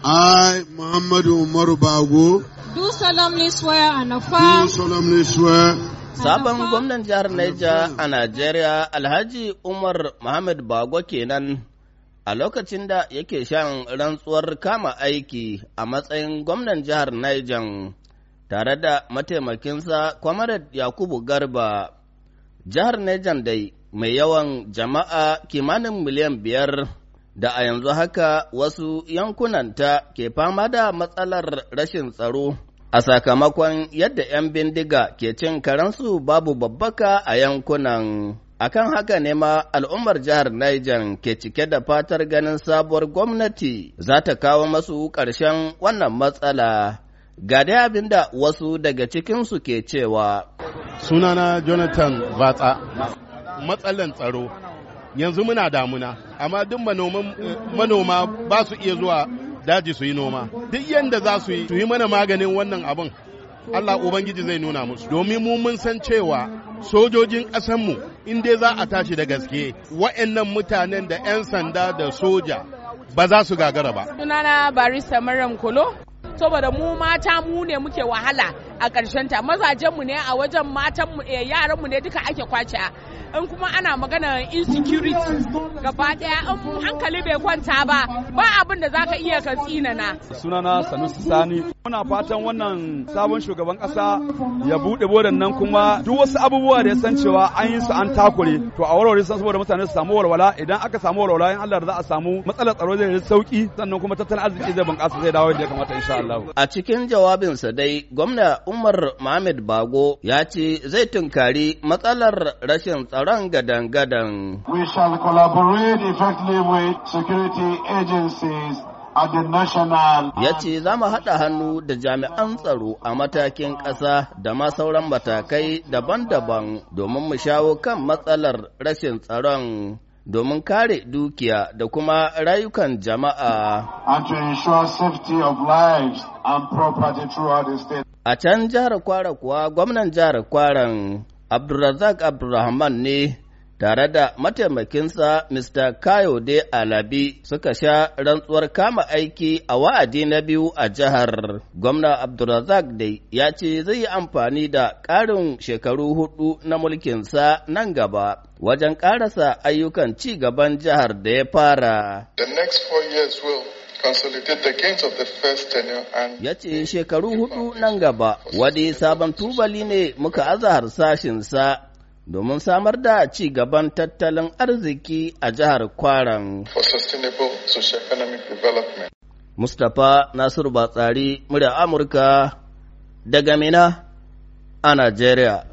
I, Muhammad Umaru Bago, do solemnly swear and affirm. Do solemnly swear. Sabon gwamnan jihar Niger a Najeriya Alhaji Umar Muhammad Bago kenan a lokacin da yake shan rantsuwar kama aiki a matsayin gwamnan jihar Niger tare da mataimakinsa Kwamarat Yakubu Garba. Jihar Niger dai mai yawan jama'a kimanin miliyan biyar. da a yanzu haka wasu yankunan ta ke fama da matsalar rashin tsaro a sakamakon yadda 'yan bindiga ke cin karansu babu babbaka a yankunan. Akan haka ne ma al'ummar jihar Niger ke cike da fatar ganin sabuwar gwamnati za ta kawo masu ƙarshen wannan matsala. Ga dai abin da wasu daga cikinsu ke cewa. Sunana Jonathan Vatsa, matsalan tsaro yanzu muna damuna amma duk manoma ba su iya zuwa daji su yi noma duk yadda za su yi su mana maganin wannan abin Allah Ubangiji zai nuna musu domin mu mun san cewa sojojin ƙasanmu in dai za a tashi da gaske wa'annan mutanen da 'yan sanda da soja ba za su gagara ba. Sunana Barista Maryam Kolo saboda mu mata mu ne muke wahala a ƙarshen ta mazajenmu ne a wajen matanmu eh, yaranmu ne duka ake kwace in kuma ana magana insecurity gaba daya in hankali bai kwanta ba ba abin da zaka iya ka tsinana sunana sanusi sani muna fatan wannan sabon shugaban kasa ya buɗe bodan nan kuma duk wasu abubuwa da ya san cewa an yi su an takure to a warware san saboda mutane su samu walwala idan aka samu walwala in Allah za a samu matsalar tsaro zai yi sauki sannan kuma tattalin arziki zai bunƙasa zai dawo yadda ya kamata insha Allah a cikin jawabinsa dai gwamna Umar Mohamed Bago ya ce zai tunkari matsalar rashin tsaron gadan-gadan. We shall collaborate effectively with security agencies Ya ce za mu haɗa hannu da jami'an tsaro a matakin ƙasa da ma sauran matakai daban-daban domin mu shawo kan matsalar rashin tsaron. domin kare dukiya da kuma rayukan jama'a. And to ensure safety of lives and property throughout A can jihar Kwara kuwa gwamnan jihar Kwaran Abdulrazak Abdulrahman ne tare da mataimakinsa Mr. Kayo de Alabi suka sha rantsuwar kama aiki a wa'adi na biyu a jihar. Gwamna Abdulrazak dai ya ce zai yi amfani da ƙarin shekaru hudu na mulkinsa nan gaba wajen ƙarasa ayyukan ci gaban jihar da ya fara. The next four years will ya ce shekaru hudu nan gaba wani sabon tubali ne muka aza harsashinsa domin samar da ci gaban tattalin arziki a jihar Kwaran. Mustapha Nasiru Batsari, murya Amurka daga Mina a Najeriya.